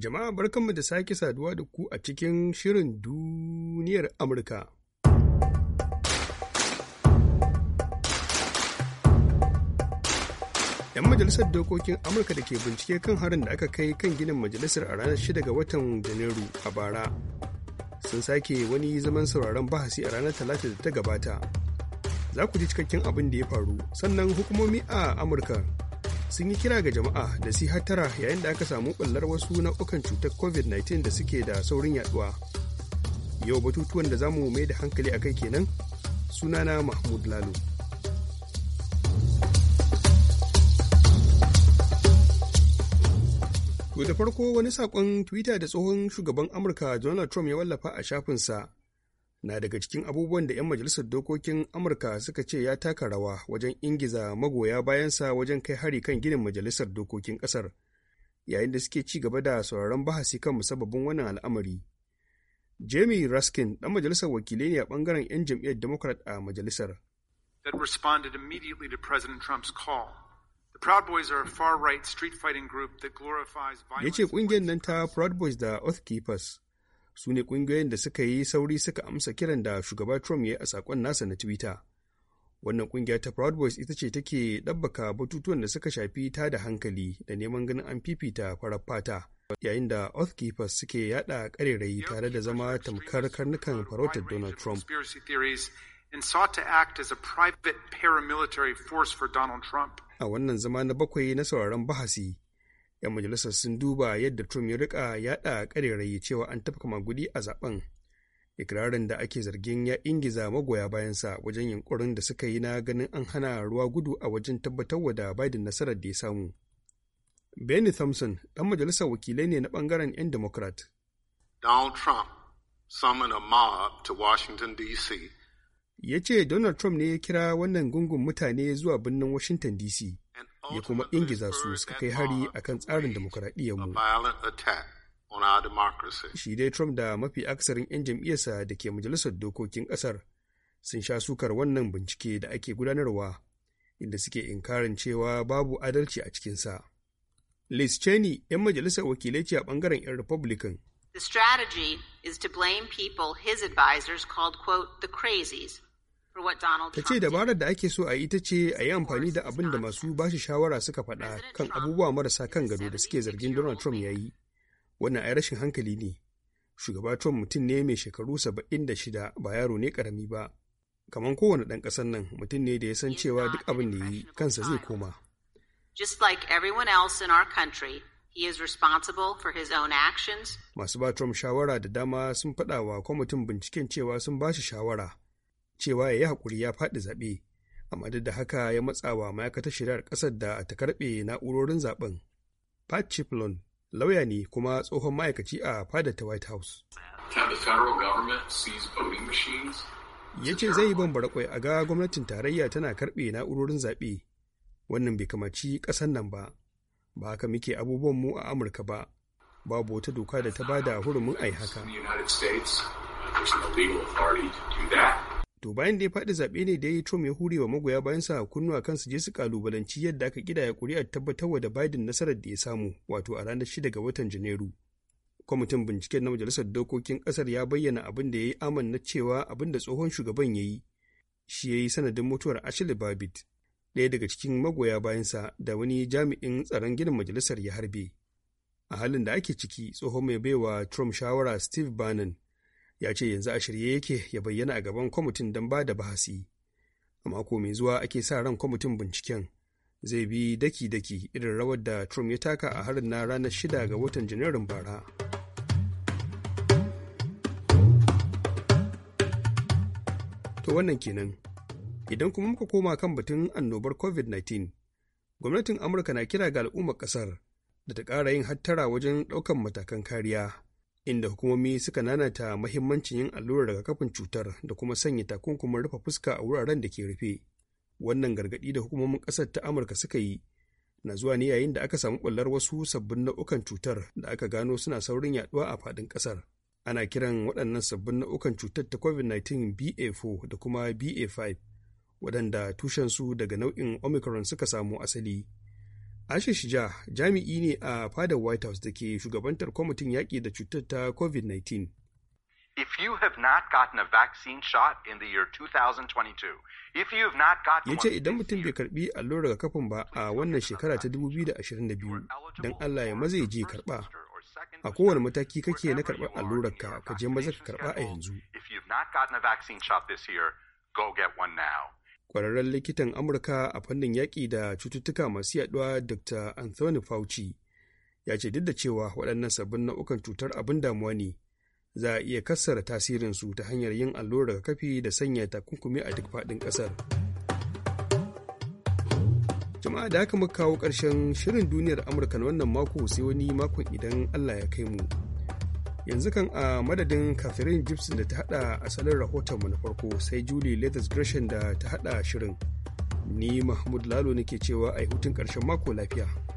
Jama'a barkanmu da sake saduwa da ku a cikin shirin duniyar Amurka. ‘Yan majalisar dokokin Amurka da ke bincike kan harin da aka kai kan ginin majalisar a ranar 6 ga watan Janairu a bara sun sake wani zaman sauraron bahasi a ranar Talata da ta gabata. Za ku ji cikakken abin da ya faru, sannan hukumomi a Amurka sun yi kira ga jama'a da si hattara yayin da aka samu ɓallar wasu nau'ukan cutar covid-19 da suke da saurin yaduwa yau batutuwan da zamu mai da hankali akai kenan sunana mahmud lalo da farko wani saƙon Twitter da tsohon shugaban Amurka Donald Trump ya wallafa a shafinsa na daga cikin abubuwan da 'yan majalisar dokokin amurka suka ce ya taka rawa wajen ingiza magoya bayansa wajen kai hari kan ginin majalisar dokokin kasar yayin da suke ci gaba da sauraron bahasi kan musabbabin wannan al'amari jamie raskin dan majalisar wakilai ne a bangaren 'yan jam'iyyar democrat a majalisar that responded immediately to President Trump's call ya ce ƙungiyar nan ta proud boys da oath keepers su ne ƙungiyoyin da suka yi sauri suka amsa kiran da shugaba Trump ya yi a saƙon nasa na Twitter. Wannan ƙungiya ta Proud Boys ita ce take ɗabbaka batutuwan da suka shafi ta da hankali da neman ganin an fifita farar fata, yayin da Oath Keepers suke yada ƙarerayi tare da zama tamkar karnukan farautar Donald Trump. and sought to act as private paramilitary force for Donald Trump. A wannan zama na bakwai na sauraron bahasi, 'yan majalisar sun duba yadda trump ya rika yada karerayi cewa an tafka magudi a zaben ikirarin da ake zargin ya ingiza magoya bayansa wajen yankurin da suka yi na ganin an hana ruwa gudu a wajen tabbatar da biden nasarar da ya samu benny thompson dan majalisar wakilai ne na bangaren 'yan democrat donald trump summon a mob to washington dc ya ce donald trump ne ya kira wannan gungun mutane zuwa birnin washington dc ya kuma ingiza su suka kai hari kan tsarin demokuraɗiyyarmu. Shi dai Trump da mafi aksarin 'yan jam'iyyarsa da ke majalisar dokokin ƙasar sun sha sukar wannan bincike da ake gudanarwa, inda suke inkarin cewa babu adalci a cikinsa. Liz Cheney, 'yan majalisar wakilai ce a ɓangaren 'yan Republican. The strategy is to blame people his advisors called, quote, the crazies, ta ce dabarar da ake so a yi ita ce a yi amfani da abin da masu bashi shawara suka faɗa kan abubuwa marasa kan gado da suke zargin donald trump ya yi wannan ai rashin hankali ne shugaba trump mutum ne mai shekaru saba'in da shida ba yaro ne karami ba kamar kowane ɗan ƙasar nan mutum ne da ya san cewa duk abin da ya yi kansa zai koma Masu ba Trump shawara da dama sun faɗa wa kwamitin binciken cewa sun ba shawara cewa ya yi haƙuri ya faɗi zaɓe amma duk da haka ya matsawa ma'aikatar shari'ar ƙasar da ta karɓe na'urorin zaɓen pat chiplon lauya ne kuma tsohon ma'aikaci a fadar ta white house ya ce zai yi bambara kwai a ga gwamnatin tarayya tana karɓe na'urorin zaɓe wannan bai kamaci ƙasar nan ba ba haka muke abubuwan mu a amurka ba babu wata doka da ta bada hurumin ai haka To bayan da ya faɗi zaɓe ne da ya yi Trump ya hurewa magoya bayan sa kunnuwa kan su je su kalubalanci yadda aka kidaya kuri'ar tabbatarwa da Biden nasarar da ya samu wato a ranar 6 ga watan Janairu. Kwamitin binciken na Majalisar Dokokin ƙasar ya bayyana abin da ya yi amanna cewa abin da tsohon shugaban ya yi shi ya yi sanadin mutuwar Ashley Babbitt ɗaya daga cikin magoya bayansa da wani jami'in tsaron ginin majalisar ya harbe. A halin da ake ciki tsohon mai baiwa Trump shawara Steve Bannon ya ce yanzu a shirye yake ya bayyana a gaban kwamitin don ba da bahasi a mako mai zuwa ake sa ran kwamitin binciken zai bi daki-daki irin rawar da trump ya taka a harin na ranar shida ga watan janairun bara to wannan kenan idan kuma muka koma kan batun annobar covid-19 gwamnatin amurka na kira ga al'ummar kasar da ta ƙara yin hattara wajen ɗaukan matakan kariya inda hukumomi suka nanata mahimmancin yin allurar rigakafin cutar da kuma sanya takunkumin rufe fuska a wuraren da ke rufe wannan gargaɗi da hukumomin ƙasar ta amurka suka yi na zuwa ne yayin da aka samu ɓullar wasu sabbin nau'ukan cutar da aka gano suna saurin yaɗuwa a faɗin ƙasar ana kiran waɗannan sabbin nau'ukan cutar ta covid-19 ba4 da kuma ba5 waɗanda tushensu daga nau'in omicron suka samu asali Ashish Shija jami'i ne a fadar White House da ke shugabantar kwamitin yaƙi da cutar ta COVID-19. If you have not gotten a vaccine shot in the year 2022, if you have not gotten Yace idan mutum bai karbi allurar kafin ba a wannan shekara ta 2022, dan Allah ya maza je karba. A kowane mataki kake na karɓar allurar ka, ka je maza ka karba a yanzu. If you've not gotten a vaccine shot this year, go get one now. kwararren likitan amurka a fannin yaƙi da cututtuka masu yaɗuwa dr anthony fauci ya ce duk da cewa waɗannan sabbin nau'ukan cutar abin damuwa ne za a iya kassara tasirinsu ta hanyar yin allurar rigakafi da sanya takunkumi a duk faɗin ƙasar jama'a da aka muka kawo ƙarshen shirin duniyar amurka na wannan mako sai wani makon idan allah ya kai mu yanzu kan a madadin catherine gibson da ta hada asalin mu na farko sai julie latest gresham da ta hada shirin ni mahmud lalo nake cewa a hutun ƙarshen mako lafiya